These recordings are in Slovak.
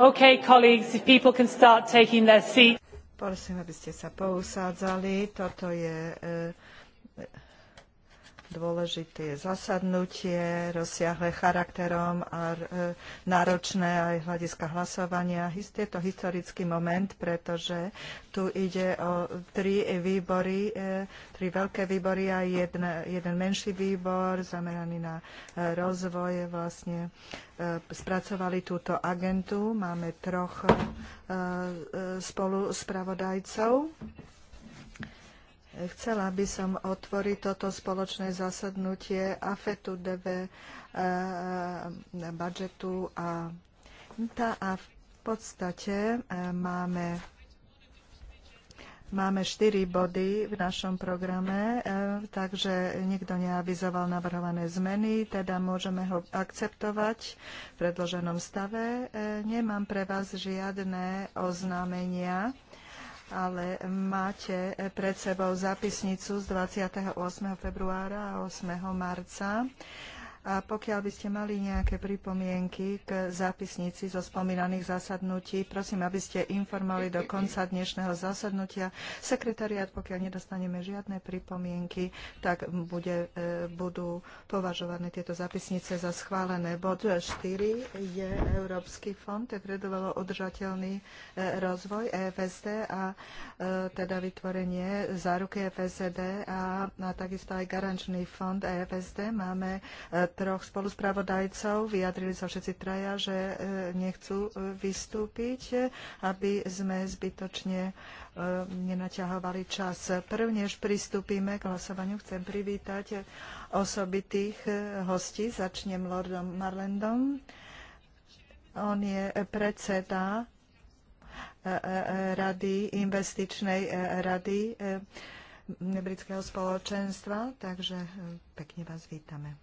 Okay, colleagues, if people can start taking their seat. Prosím, aby ste sa pousádzali. Toto je e, Dôležité je zasadnutie, rozsiahle charakterom a e, náročné aj hľadiska hlasovania. Je to historický moment, pretože tu ide o tri výbory, e, tri veľké výbory a jeden, jeden menší výbor zameraný na e, rozvoj. Vlastne spracovali túto agentu. Máme troch spolu spravodajcov Chcela by som otvoriť toto spoločné zasadnutie AFETu, DV, eh, eh, budžetu a tá a v podstate eh, máme Máme štyri body v našom programe, takže nikto neavizoval navrhované zmeny, teda môžeme ho akceptovať v predloženom stave. Nemám pre vás žiadne oznámenia ale máte pred sebou zapisnicu z 28. februára a 8. marca a pokiaľ by ste mali nejaké pripomienky k zápisnici zo spomínaných zasadnutí, prosím, aby ste informovali do konca dnešného zasadnutia. Sekretariat, pokiaľ nedostaneme žiadne pripomienky, tak bude, e, budú považované tieto zápisnice za schválené. Bod 4 je Európsky fond predoval udržateľný e, rozvoj EFSD a e, teda vytvorenie záruky EFSD a, a takisto aj garančný fond EFSD. Máme troch spoluspravodajcov. Vyjadrili sa všetci traja, že e, nechcú e, vystúpiť, aby sme zbytočne e, nenaťahovali čas. Prv, než pristúpime k hlasovaniu, chcem privítať osobitých hostí. Začnem Lordom Marlendom. On je predseda rady, investičnej rady britského spoločenstva, takže pekne vás vítame.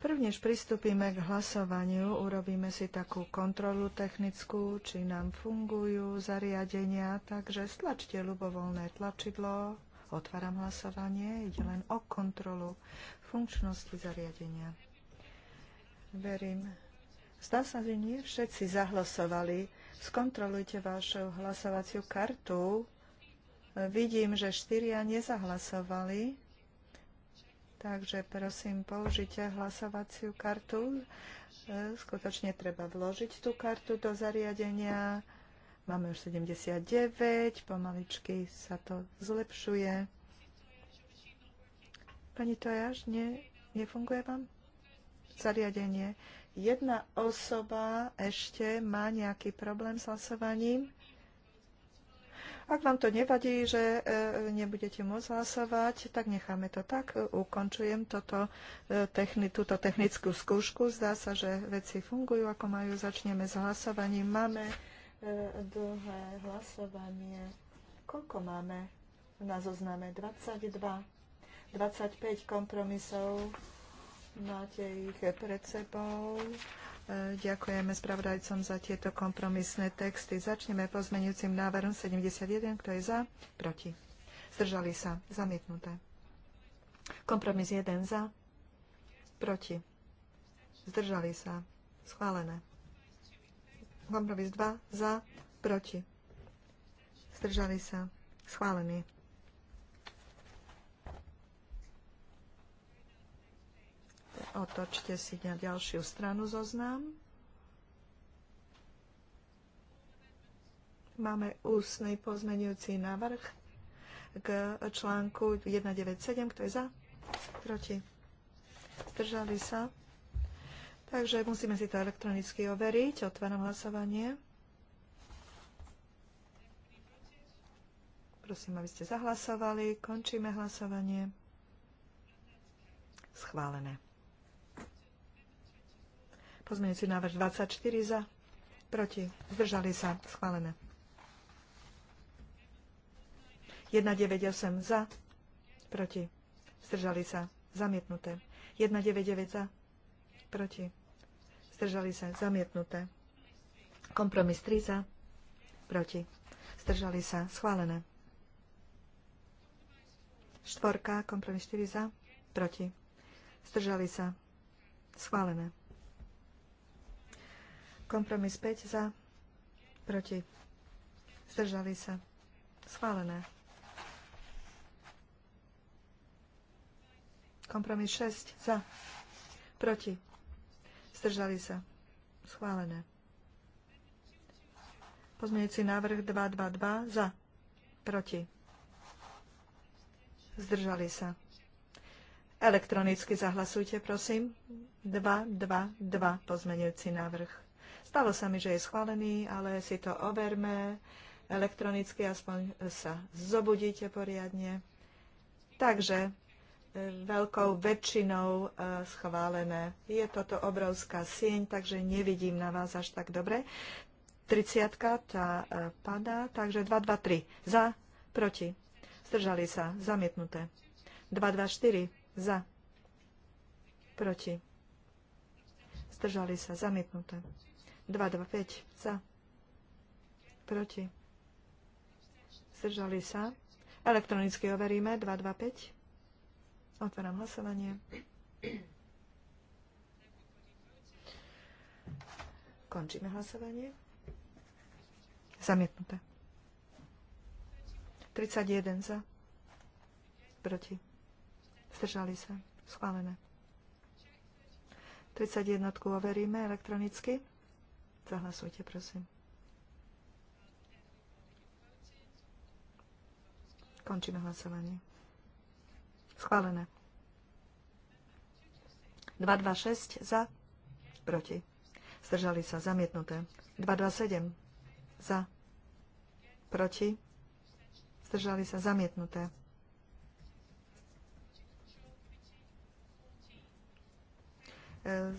Prvnež pristúpime k hlasovaniu, urobíme si takú kontrolu technickú, či nám fungujú zariadenia, takže stlačte ľubovoľné tlačidlo, otváram hlasovanie, ide len o kontrolu funkčnosti zariadenia. Verím. Zdá sa, že nie všetci zahlasovali. Skontrolujte vašu hlasovaciu kartu. Vidím, že štyria nezahlasovali. Takže prosím, použite hlasovaciu kartu. E, skutočne treba vložiť tú kartu do zariadenia. Máme už 79, pomaličky sa to zlepšuje. Pani Tojaž, nie, nefunguje vám zariadenie? Jedna osoba ešte má nejaký problém s hlasovaním. Ak vám to nevadí, že e, nebudete môcť hlasovať, tak necháme to tak. Ukončujem toto, e, techni, túto technickú skúšku. Zdá sa, že veci fungujú, ako majú. Začneme s hlasovaním. Máme e, dlhé hlasovanie. Koľko máme na zozname? 22, 25 kompromisov Máte ich pred sebou. E, ďakujeme spravodajcom za tieto kompromisné texty. Začneme pozmenujúcim návrhom 71. Kto je za? Proti. Zdržali sa. Zamietnuté. Kompromis 1 za. Proti. Zdržali sa. Schválené. Kompromis 2 za. Proti. Zdržali sa. Schválený. otočte si na ďalšiu stranu zoznam. Máme ústny pozmenujúci návrh k článku 197. Kto je za? Proti? Zdržali sa? Takže musíme si to elektronicky overiť. Otváram hlasovanie. Prosím, aby ste zahlasovali. Končíme hlasovanie. Schválené. Pozmeňujúci návrh 24 za, proti, zdržali sa, schválené. 198 za, proti, zdržali sa, zamietnuté. 199 za, proti, zdržali sa, zamietnuté. Kompromis 3 za, proti, zdržali sa, schválené. Štvorka, kompromis 4 za, proti, zdržali sa, schválené. Kompromis 5 za, proti, zdržali sa, schválené. Kompromis 6 za, proti, zdržali sa, schválené. Pozmeňujúci návrh 222 za, proti, zdržali sa. Elektronicky zahlasujte, prosím. 222 pozmeňujúci návrh. Stalo sa mi, že je schválený, ale si to overme elektronicky, aspoň sa zobudíte poriadne. Takže e, veľkou väčšinou e, schválené. Je toto obrovská sieň, takže nevidím na vás až tak dobre. 30 tá e, padá, takže 2, 2, 3. Za, proti. Zdržali sa, zamietnuté. 2, 2, 4. Za, proti. Zdržali sa, zamietnuté. 5, za. Proti. Zdržali sa. Elektronicky overíme. 2, 2, 5. Otváram hlasovanie. Končíme hlasovanie. Zamietnuté. 31 za. Proti. Zdržali sa. Schválené. 31 overíme elektronicky. Zahlasujte, prosím. Končíme hlasovanie. Schválené. 226 za, proti. Zdržali sa, zamietnuté. 227 za, proti. Zdržali sa, zamietnuté.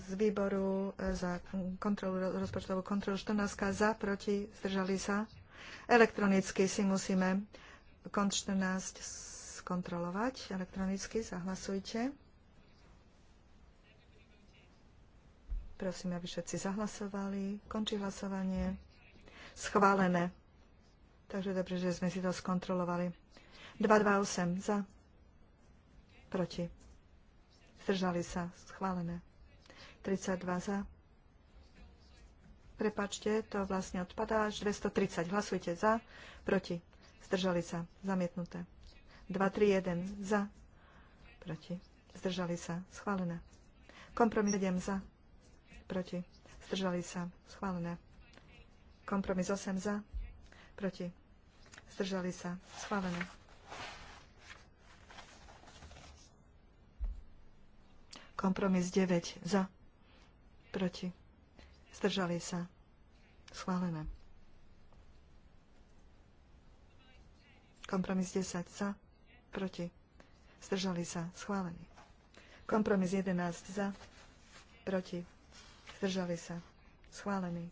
z výboru e, za kontrolu, rozpočtovú kontrolu 14 za, proti, zdržali sa. Elektronicky si musíme kont 14 skontrolovať. Elektronicky zahlasujte. Prosím, aby všetci zahlasovali. Končí hlasovanie. Schválené. Takže dobre, že sme si to skontrolovali. 228 za. Proti. Zdržali sa. Schválené. 32 za. Prepačte, to vlastne odpadá. 230. Hlasujte za. Proti. Zdržali sa. Zamietnuté. 231 za. Proti. Zdržali sa. Schválené. Kompromis 7 za. Proti. Zdržali sa. Schválené. Kompromis 8 za. Proti. Zdržali sa. Schválené. Kompromis 9 za Proti. Zdržali sa. Schválené. Kompromis 10 za. Proti. Zdržali sa. Schválený. Kompromis 11 za. Proti. Zdržali sa. Schválený.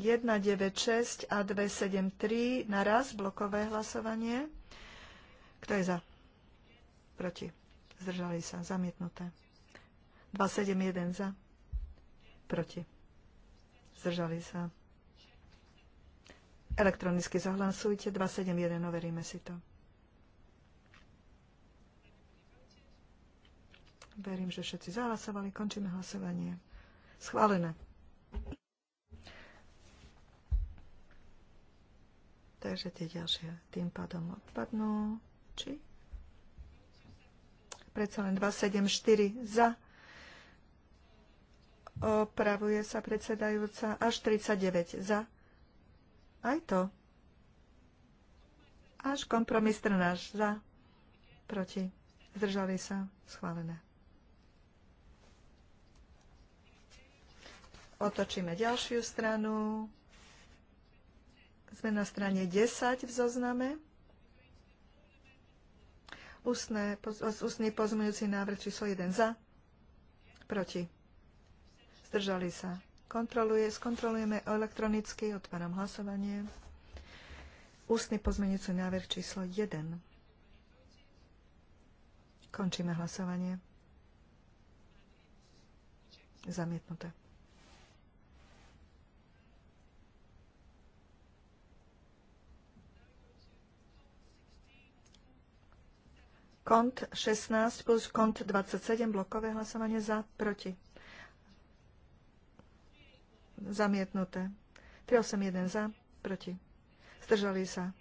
Jedna, devet, šesť a dve, sedem, tri. Naraz blokové hlasovanie. Kto je za? Proti. Zdržali sa. Zamietnuté. 271 za. Proti. Zdržali sa. Elektronicky zahlasujte. 271. Overíme si to. Verím, že všetci zahlasovali. Končíme hlasovanie. Schválené. Takže tie ďalšie tým pádom odpadnú páči. Predsa len 274 za. Opravuje sa predsedajúca až 39 za. Aj to. Až kompromis 13 za. Proti. Zdržali sa. Schválené. Otočíme ďalšiu stranu. Sme na strane 10 v zozname. Ústne, ústny pozmeňujúci návrh číslo 1 za, proti. Zdržali sa. Kontroluje, skontrolujeme elektronicky, otváram hlasovanie. Ústny pozmeňujúci návrh číslo 1. Končíme hlasovanie. Zamietnuté. Kont 16 plus kont 27, blokové hlasovanie za, proti. Zamietnuté. 381 za, proti. Zdržali sa.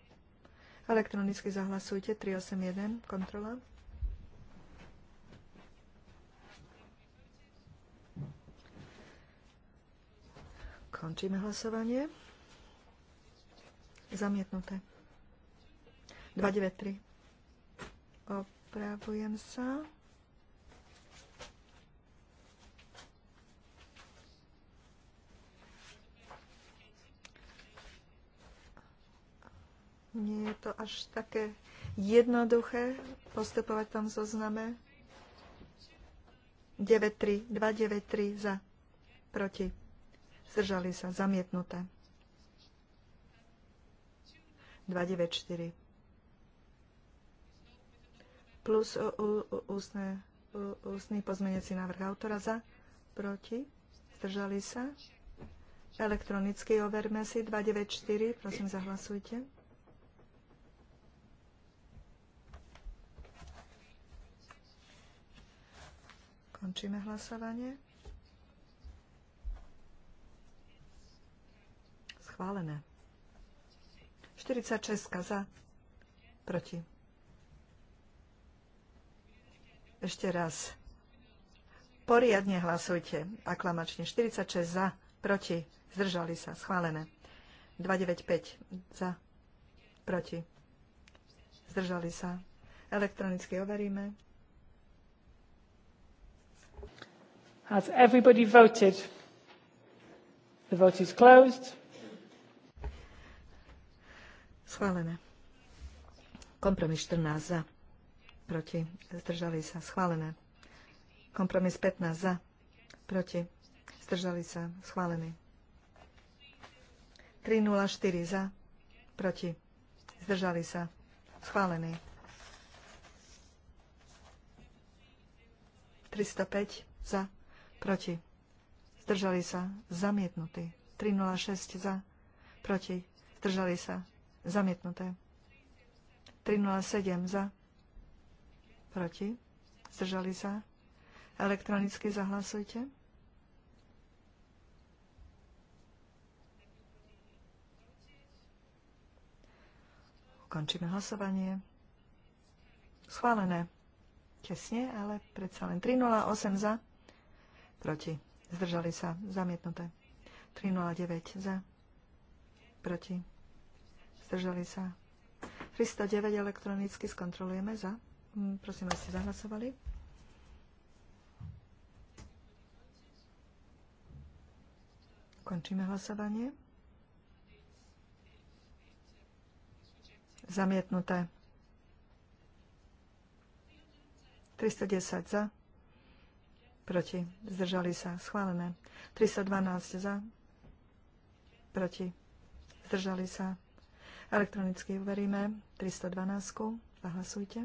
Elektronicky zahlasujte. 381, kontrola. Končíme hlasovanie. Zamietnuté. 293. Opravujem sa. Nie je to až také jednoduché postupovať tam zozname. 9-3, 2-9-3 za, proti. Zdržali sa, zamietnuté. 9, 4 plus ústny pozmeniaci návrh autora za, proti, zdržali sa. Elektronicky overme si 294, prosím zahlasujte. Končíme hlasovanie. Schválené. 46 za, proti. Ešte raz. Poriadne hlasujte. Aklamačne 46 za, proti, zdržali sa, schválené. 295 za, proti, zdržali sa. Elektronicky overíme. Has everybody voted? The vote is closed. Schválené. Kompromis 14 za proti, zdržali sa, schválené. Kompromis 15 za, proti, zdržali sa, schválený. 304 za, proti, zdržali sa, schválený. 305 za, proti, zdržali sa, zamietnutý. 306 za, proti, zdržali sa, zamietnuté. 307 za, Proti? Zdržali sa? Elektronicky zahlasujte. Končíme hlasovanie. Schválené. Tesne, ale predsa len 308 za. Proti. Zdržali sa. Zamietnuté. 309 za. Proti. Zdržali sa. 309 elektronicky skontrolujeme za. Mm, prosím, aby ste zahlasovali. Končíme hlasovanie. Zamietnuté. 310 za. Proti. Zdržali sa. Schválené. 312 za. Proti. Zdržali sa. Elektronicky uveríme. 312. Zahlasujte.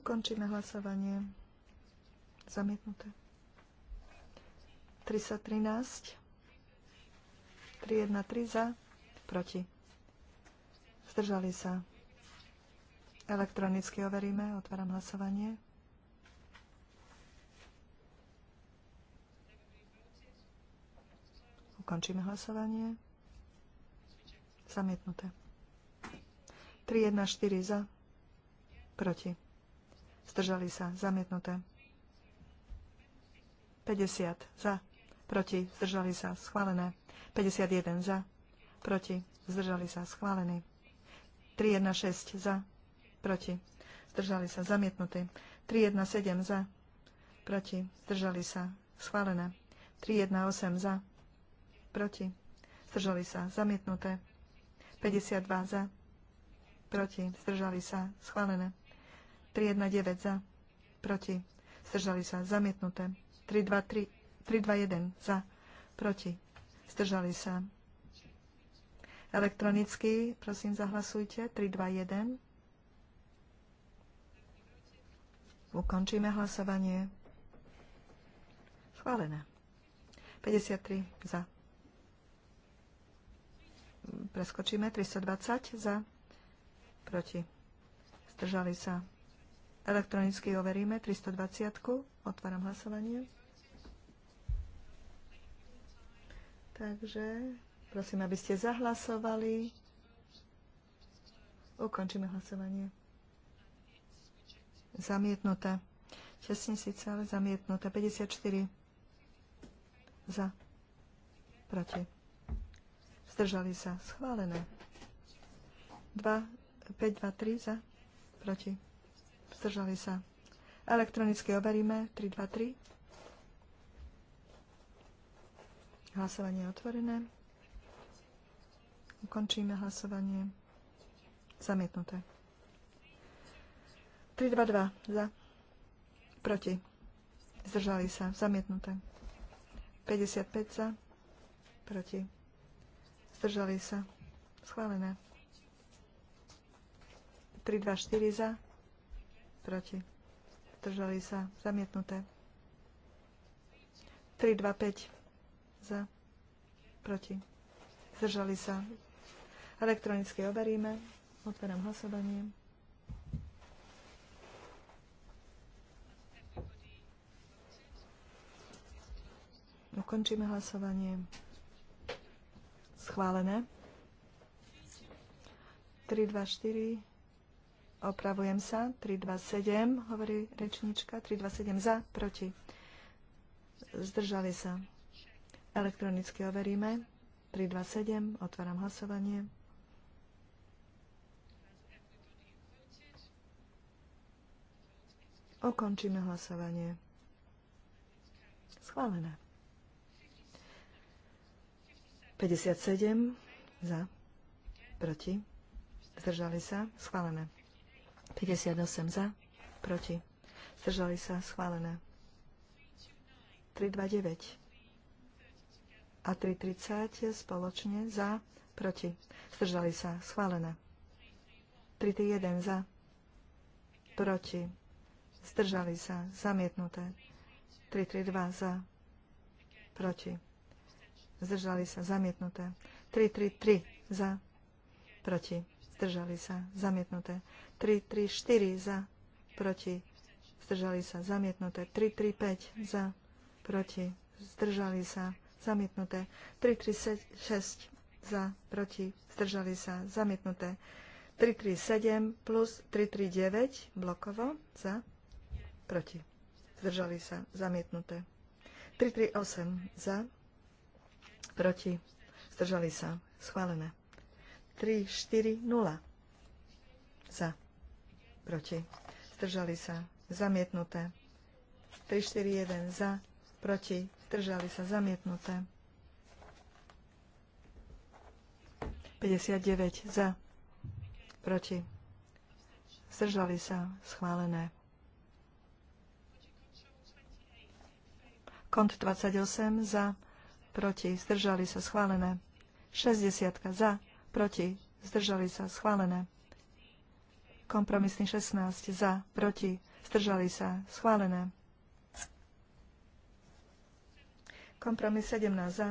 Ukončíme hlasovanie. Zamietnuté. 313. 313 za. Proti. Zdržali sa. Elektronicky overíme. Otváram hlasovanie. Ukončíme hlasovanie. Zamietnuté. 3 4 za. Proti zdržali sa, zamietnuté. 50 za, proti, zdržali sa, schválené. 51 za, proti, zdržali sa, schválený. 316 za, proti, zdržali sa, zamietnutý. 317 za, proti, zdržali sa, schválené. 318 za, proti, zdržali sa, zamietnuté. 52 za, proti, zdržali sa, schválené. 319 za, proti, zdržali sa, zamietnuté. 323, 321 za, proti, zdržali sa. Elektronicky, prosím, zahlasujte. 321. Ukončíme hlasovanie. Schválené. 53 za. Preskočíme. 320 za. Proti. Zdržali sa. Elektronicky overíme 320. Otváram hlasovanie. Takže prosím, aby ste zahlasovali. Ukončíme hlasovanie. Zamietnuté. 6 síce, ale zamietnuté. 54. Za. Proti. Zdržali sa. Schválené. 2, 5, 2, 3 za. Proti zdržali sa. Elektronicky overíme 3. Hlasovanie je otvorené. Ukončíme hlasovanie. Zamietnuté. 3 2 za. Proti. Zdržali sa. Zamietnuté. 55 za. Proti. Zdržali sa. Schválené. 3 4 za proti, Držali sa, zamietnuté. 3, 2, 5, za, proti, zdržali sa. Elektronicky overíme, otváram hlasovanie. Ukončíme hlasovanie. Schválené. 3, 2, 4. Opravujem sa. 327, hovorí rečnička. 327 za, proti. Zdržali sa. Elektronicky overíme. 327, otváram hlasovanie. Ukončíme hlasovanie. Schválené. 57 za, proti, zdržali sa, schválené. 58 za, proti. Zdržali sa schválené. 329 a 330 spoločne za, proti. Zdržali sa schválené. 331 za, proti. Zdržali sa zamietnuté. 332 za, proti. Zdržali sa zamietnuté. 333 za, proti zdržali sa, zamietnuté. 3, 3, 4 za, proti, zdržali sa, zamietnuté. 3, 3, 5 za, proti, zdržali sa, zamietnuté. 3, 3, 6 za, proti, zdržali sa, zamietnuté. 3, 3, 7 plus 3, 3, 9 blokovo za, proti, zdržali sa, zamietnuté. 3, 3, 8 za, proti, zdržali sa, schválené. 3, 4, 0. Za. Proti. Zdržali sa. Zamietnuté. 3, 4, 1. Za. Proti. Zdržali sa. Zamietnuté. 59. Za. Proti. Zdržali sa. Schválené. Kont 28. Za. Proti. Zdržali sa. Schválené. 60. Za proti, zdržali sa, schválené. Kompromisný 16 za, proti, zdržali sa, schválené. Kompromis 17 za,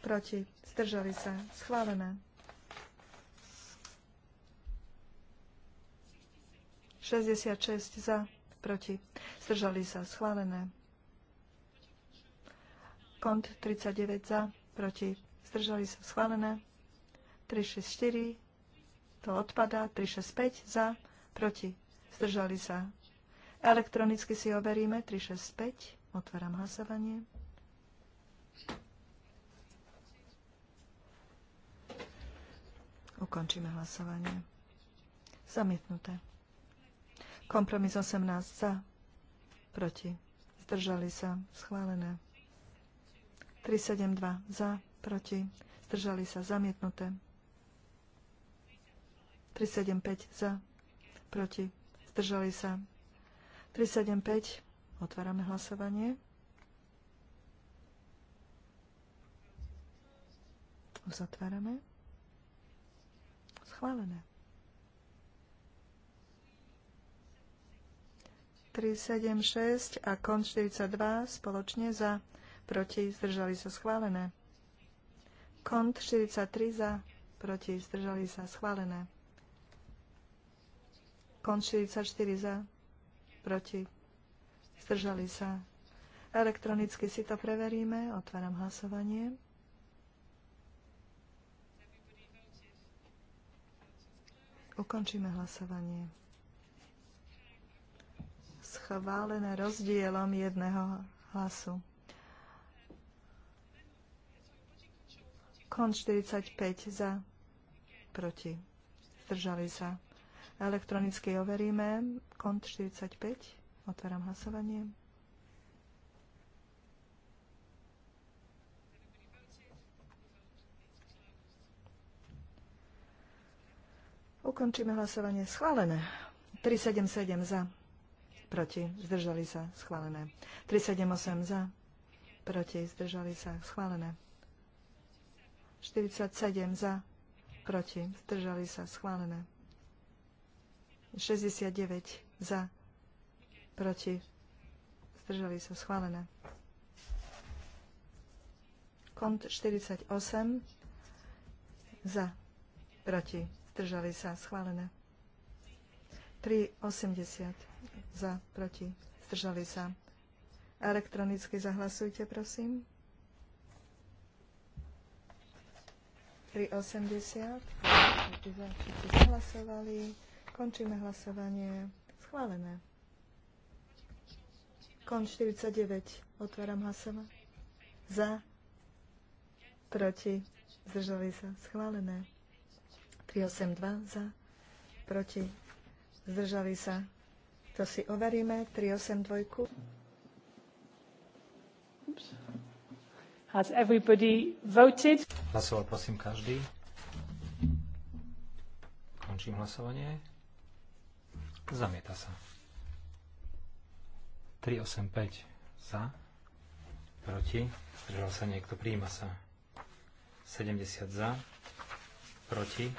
proti, zdržali sa, schválené. 66 za, proti, zdržali sa, schválené. Kont 39 za, proti, zdržali sa, schválené. 364, to odpadá, 365 za, proti, zdržali sa. Elektronicky si overíme, 365, otváram hlasovanie. Ukončíme hlasovanie. Zamietnuté. Kompromis 18 za. Proti. Zdržali sa. Schválené. 372 za. Proti. Zdržali sa. Zamietnuté. 375 za, proti, zdržali sa. 375, otvárame hlasovanie. Uzatvárame. Schválené. 376 a KON 42 spoločne za, proti, zdržali sa schválené. KONT 43 za, proti, zdržali sa schválené. Kon 44 za, proti, zdržali sa. Elektronicky si to preveríme. Otváram hlasovanie. Ukončíme hlasovanie. Schválené rozdielom jedného hlasu. Kon 45 za, proti, zdržali sa Elektronicky overíme. Kont 45. Otváram hlasovanie. Ukončíme hlasovanie. Schválené. 377 za. Proti. Zdržali sa. Schválené. 378 za. Proti. Zdržali sa. Schválené. 47 za. Proti. Zdržali sa. Schválené. 69 za, proti, zdržali sa schválené. Kont 48 za, proti, zdržali sa schválené. 3,80 za, proti, zdržali sa. Elektronicky zahlasujte, prosím. 3,80. Dva, zahlasovali. Končíme hlasovanie. Schválené. Kon 49. Otváram hlasovanie. Za. Proti. Zdržali sa. Schválené. 382. Za. Proti. Zdržali sa. To si overíme. 382. Has everybody voted? Hlasoval prosím každý. Končím hlasovanie. Zamieta sa. 385 za. Proti. Zdržal sa niekto. príjma sa. 70 za. Proti.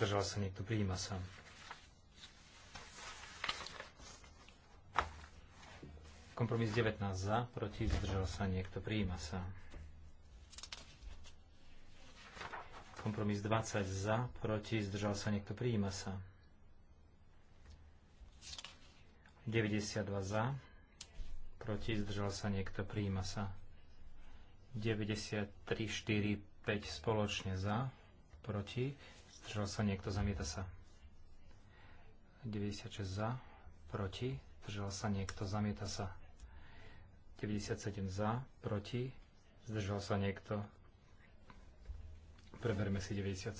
Zdržal sa niekto. príjma sa. Kompromis 19 za, proti, zdržal sa niekto, príjma sa. Kompromis 20 za, proti, zdržal sa niekto, príjma sa. 92 za, proti, zdržal sa niekto, príjima sa. 93, 4, 5 spoločne za, proti, zdržal sa niekto, zamieta sa. 96 za, proti, zdržal sa niekto, zamieta sa. 97 za, proti, zdržal sa niekto. Preberme si 97.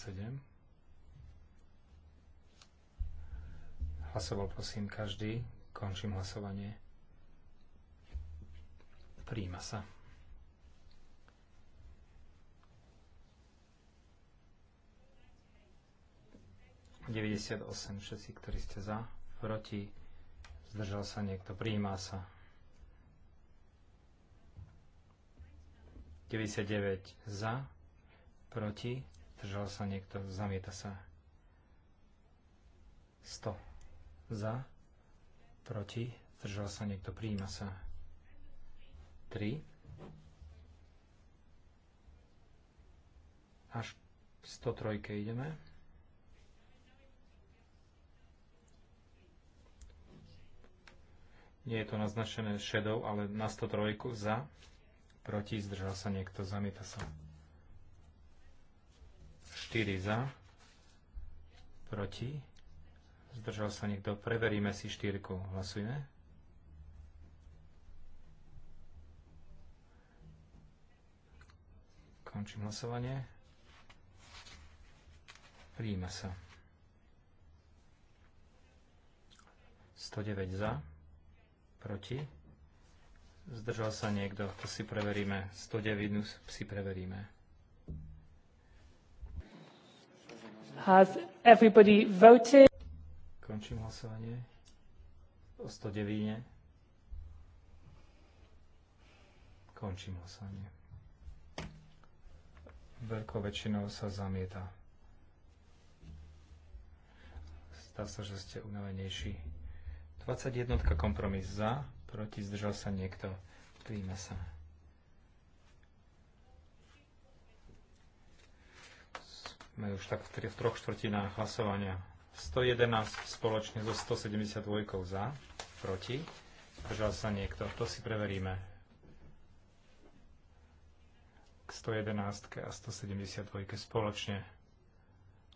Hlasoval prosím každý. Končím hlasovanie. Príjma sa. všetci, ktorí ste za, proti, zdržal sa niekto, príjma sa. 99 za, proti, zdržal sa niekto, zamieta sa. 100 za, proti, zdržal sa niekto, prijíma sa. 3 až 103 ideme. Nie je to naznačené šedou, ale na 103 za, proti, zdržal sa niekto, zamieta sa. 4 za, proti, Zdržal sa niekto? Preveríme si štyrku. Hlasujeme. Končím hlasovanie. Príjima sa. 109 za. Proti. Zdržal sa niekto. To si preveríme. 109 si preveríme. Has everybody voted? Končím hlasovanie. O 109. Končím hlasovanie. Veľkou väčšinou sa zamieta. Zdá sa, že ste unavenejší. 21. kompromis za, proti zdržal sa niekto. Príjme sa. sme už tak v, tri, v troch štvrtinách hlasovania. 111 spoločne so 172 za, proti. Zdržal sa niekto. To si preveríme. K 111 a 172 spoločne.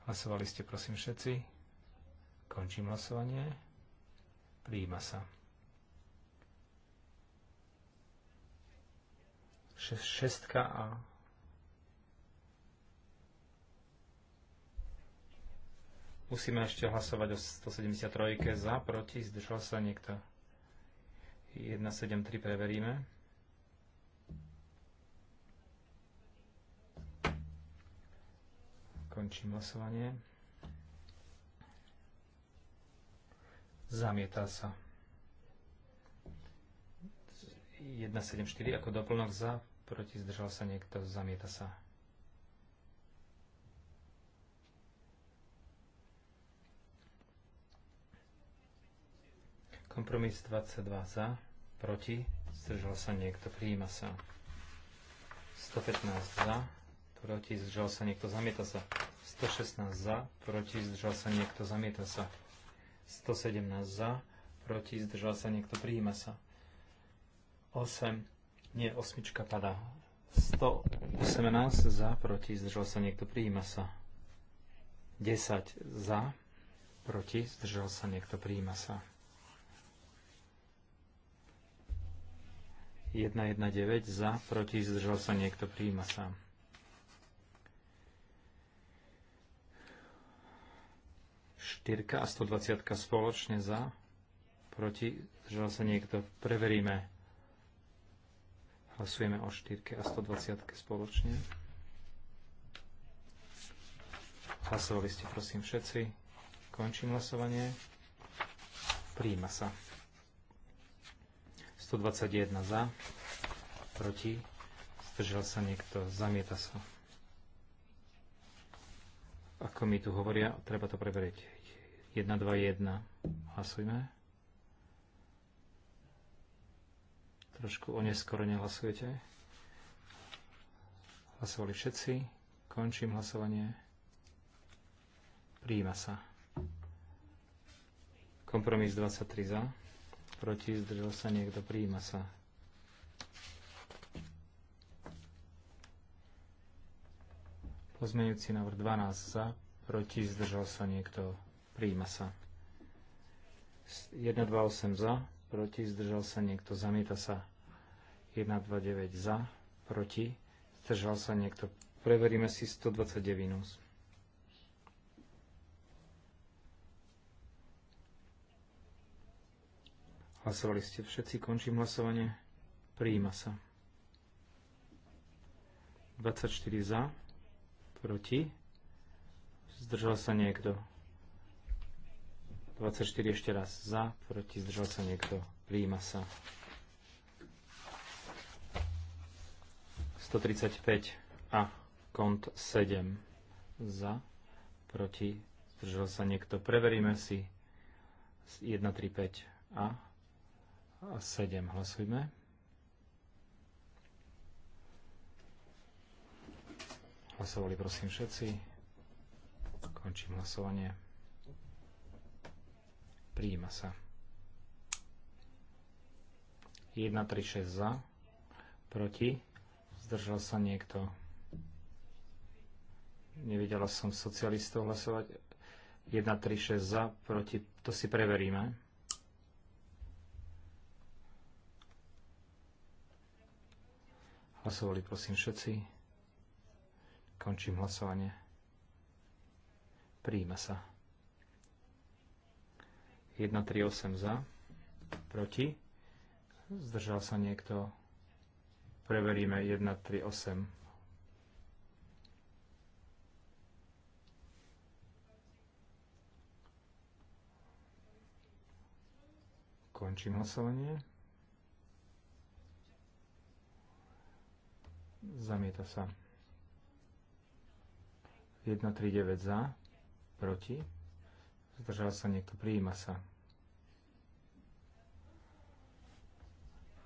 Hlasovali ste, prosím, všetci. Končím hlasovanie. Prijíma sa. 6 a Musíme ešte hlasovať o 173 za, proti, zdržal sa niekto. 173 preveríme. Končím hlasovanie. Zamietá sa. 174 ako doplnok za, proti zdržal sa niekto, zamieta sa. Kompromis 22 za, proti, zdržal sa niekto, prijíma sa. 115 za, proti, zdržal sa niekto, zamieta sa. 116 za, proti, zdržal sa niekto, zamieta sa. 117 za, proti, zdržal sa niekto, prijíma sa. 8, nie, osmička padá. 118 za, proti, zdržal sa niekto, prijíma sa. 10 za, proti, zdržal sa niekto, prijíma sa. 119 za, proti, zdržal sa niekto, prijíma sa. Štyrka a 120 spoločne za, proti, zdržal sa niekto, preveríme. Hlasujeme o štyrke a 120 spoločne. Hlasovali ste prosím všetci. Končím hlasovanie. Príjima sa. 121 za, proti, zdržal sa niekto, zamieta sa. Ako mi tu hovoria, treba to preveriť. 1, 2, 1. Hlasujme. Trošku oneskorene hlasujete. Hlasovali všetci. Končím hlasovanie. Príjima sa. Kompromis 23 za proti, zdržal sa niekto, prijíma sa. Pozmeňujúci návrh 12 za, proti, zdržal sa niekto, prijíma sa. 8 za, proti, zdržal sa niekto, zamieta sa. 129 za, proti, zdržal sa niekto. Preveríme si 129. Hlasovali ste všetci, končím hlasovanie. Prijíma sa. 24 za, proti. Zdržal sa niekto. 24 ešte raz za, proti, zdržal sa niekto. Prijíma sa. 135 a kont 7 za, proti, zdržal sa niekto. Preveríme si 135 a a 7 hlasujme. Hlasovali prosím všetci. Končím hlasovanie. Prijíma sa. 1, 3, 6 za. Proti. Zdržal sa niekto. Nevidela som socialistov hlasovať. 1, 3, 6 za. Proti. To si preveríme. Hlasovali prosím všetci. Končím hlasovanie. Príjima sa. 138 za. Proti. Zdržal sa niekto. Preveríme 1, 8. Končím hlasovanie. Zamieta sa. 1 9 za, proti. Zdržal sa niekto, prijíma sa.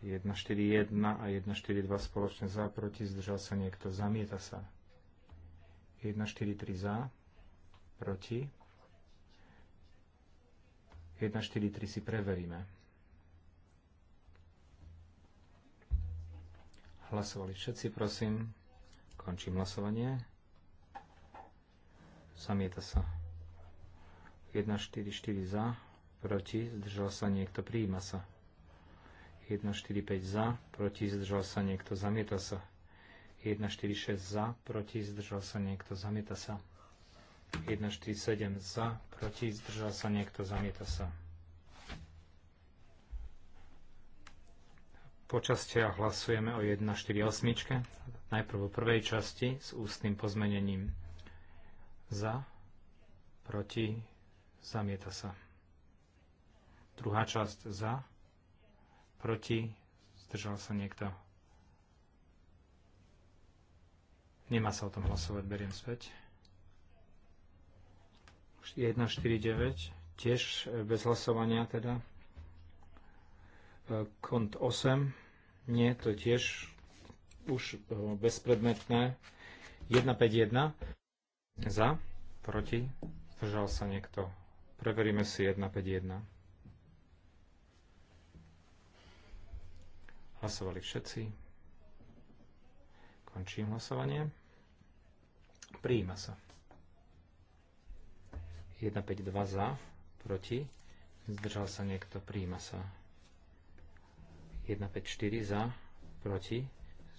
141 a 142 spoločne za, proti. Zdržal sa niekto, zamieta sa. 1 3 za, proti. 1, 3 si preveríme. Hlasovali všetci, prosím. Končím hlasovanie. Samieta sa. 1, 4, 4 za, proti, zdržal sa niekto, prijíma sa. 1, 4, 5 za, proti, zdržal sa niekto, zamieta sa. 1, 4, 6 za, proti, zdržal sa niekto, zamieta sa. 1, 4, 7 za, proti, zdržal sa niekto, zamieta sa. Po častiach hlasujeme o 1.4.8. Najprv o prvej časti s ústnym pozmenením za, proti, zamieta sa. Druhá časť za, proti, zdržal sa niekto. Nemá sa o tom hlasovať, beriem späť. 149, tiež e, bez hlasovania teda. Kont 8. Nie, to je tiež už e, bezpredmetné. 151. Za. Proti. Zdržal sa niekto. Preveríme si 151. Hlasovali všetci. Končím hlasovanie. Prijíma sa. 152 za, proti. Zdržal sa niekto, prijíma sa. 1, 5, 4 za, proti,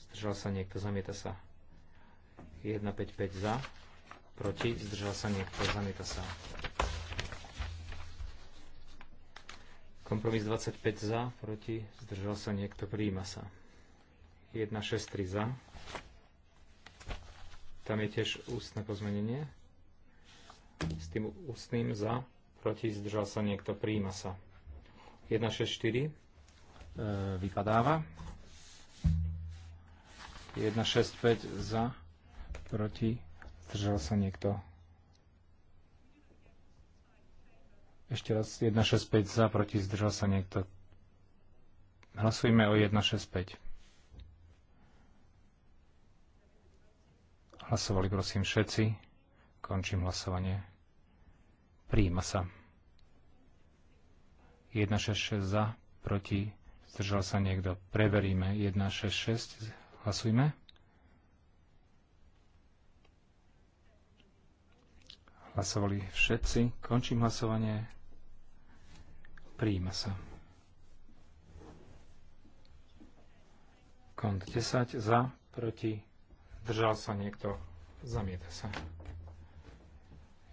zdržal sa niekto, zamieta sa. 1, 5, 5 za, proti, zdržal sa niekto, zamieta sa. Kompromis 25 za, proti, zdržal sa niekto, prijíma sa. 1, 6, 3 za. Tam je tiež ústne pozmenenie. S tým ústnym za, proti, zdržal sa niekto, prijíma sa. 1, 6, 4. E, vypadáva. 165 za, proti, zdržal sa niekto. Ešte raz 165 za, proti, zdržal sa niekto. Hlasujme o 165. Hlasovali prosím všetci. Končím hlasovanie. Príjima sa. 166 za, proti, Zdržal sa niekto? Preveríme. 1, 6, 6. Hlasujme. Hlasovali všetci. Končím hlasovanie. Prijíma sa. Kont 10 za, proti. zdržal sa niekto. Zamieta sa.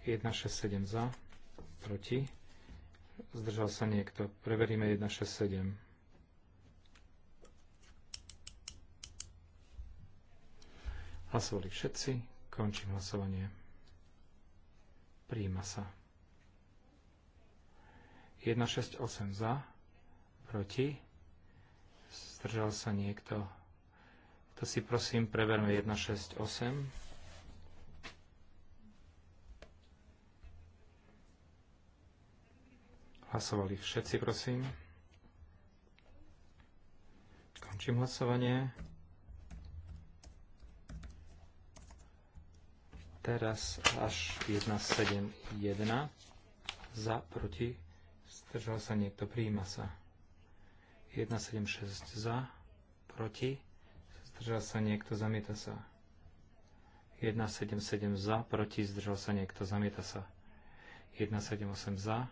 1, 6, 7 za, proti. Zdržal sa niekto. Preveríme 1, 6, 7. Hlasovali všetci. Končím hlasovanie. Príjima sa. 168 za, proti. Zdržal sa niekto. To si prosím preverme 168. Hlasovali všetci, prosím. Končím hlasovanie. Teraz až 171 za, proti, zdržal sa niekto, príjma sa. 176 za, proti, zdržal sa niekto, zamieta sa. 177 za, proti, zdržal sa niekto, zamieta sa. 178 za,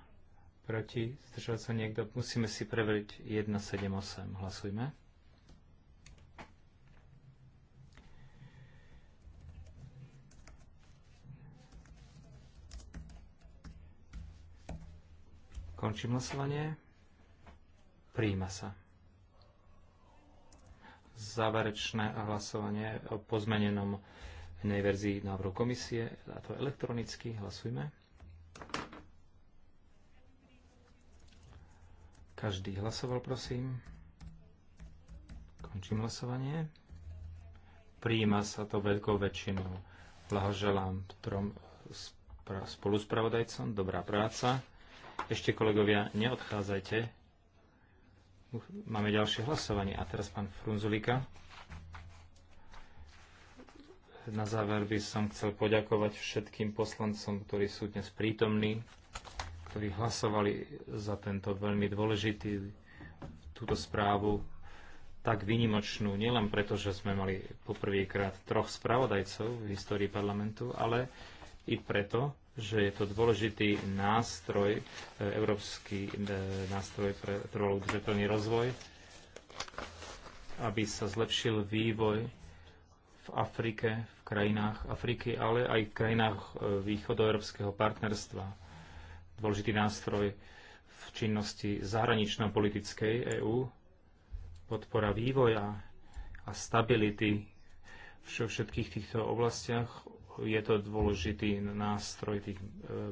proti, zdržal sa niekto. Musíme si preveriť 178. Hlasujme. Končím hlasovanie. Príjima sa. Záverečné hlasovanie o pozmenenom inej verzii návrhu komisie, a to elektronicky. Hlasujme. Každý hlasoval, prosím. Končím hlasovanie. Príjima sa to veľkou väčšinou. Blahoželám trom spoluspravodajcom. Dobrá práca. Ešte, kolegovia, neodchádzajte. Máme ďalšie hlasovanie. A teraz pán Frunzulika. Na záver by som chcel poďakovať všetkým poslancom, ktorí sú dnes prítomní, ktorí hlasovali za tento veľmi dôležitý túto správu tak vynimočnú, nielen preto, že sme mali poprvýkrát troch spravodajcov v histórii parlamentu, ale i preto, že je to dôležitý nástroj, e, európsky e, nástroj pre trvalo udržateľný rozvoj, aby sa zlepšil vývoj v Afrike, v krajinách Afriky, ale aj v krajinách e, východoeurópskeho partnerstva. Dôležitý nástroj v činnosti zahranično-politickej EÚ, podpora vývoja a stability vo všetkých týchto oblastiach je to dôležitý nástroj tých e,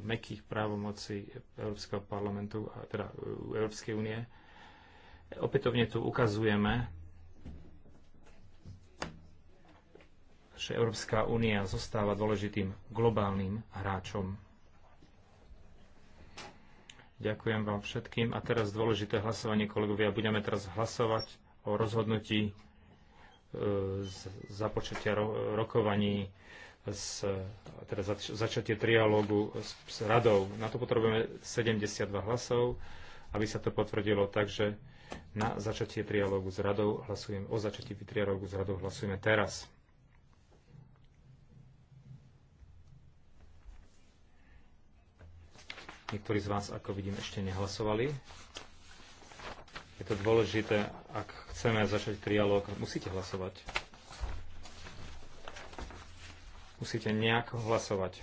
mekých právomocí Európskeho parlamentu, a teda e, Európskej únie. Opätovne tu ukazujeme, že Európska únia zostáva dôležitým globálnym hráčom. Ďakujem vám všetkým. A teraz dôležité hlasovanie, kolegovia. Budeme teraz hlasovať o rozhodnutí e, započatia rokovaní s, teda zač- začatie trialógu s, s radou. Na to potrebujeme 72 hlasov, aby sa to potvrdilo, takže na začatie trialógu s radou hlasujem, o začatí trialógu s radou hlasujeme teraz. Niektorí z vás, ako vidím, ešte nehlasovali. Je to dôležité, ak chceme začať trialóg, musíte hlasovať. Musíte nejako hlasovať.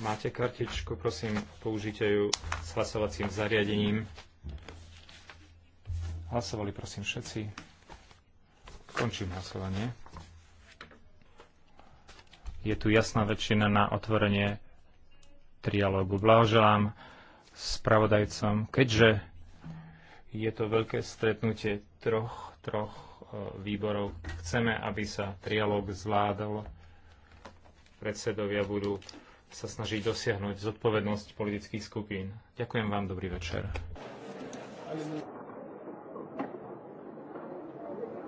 Máte kartičku, prosím, použite ju s hlasovacím zariadením. Hlasovali prosím všetci. Končím hlasovanie. Je tu jasná väčšina na otvorenie trialógu. Blahoželám spravodajcom, keďže je to veľké stretnutie troch, troch e, výborov. Chceme, aby sa trialóg zvládol, Predsedovia budú sa snažiť dosiahnuť zodpovednosť politických skupín. Ďakujem vám, dobrý večer.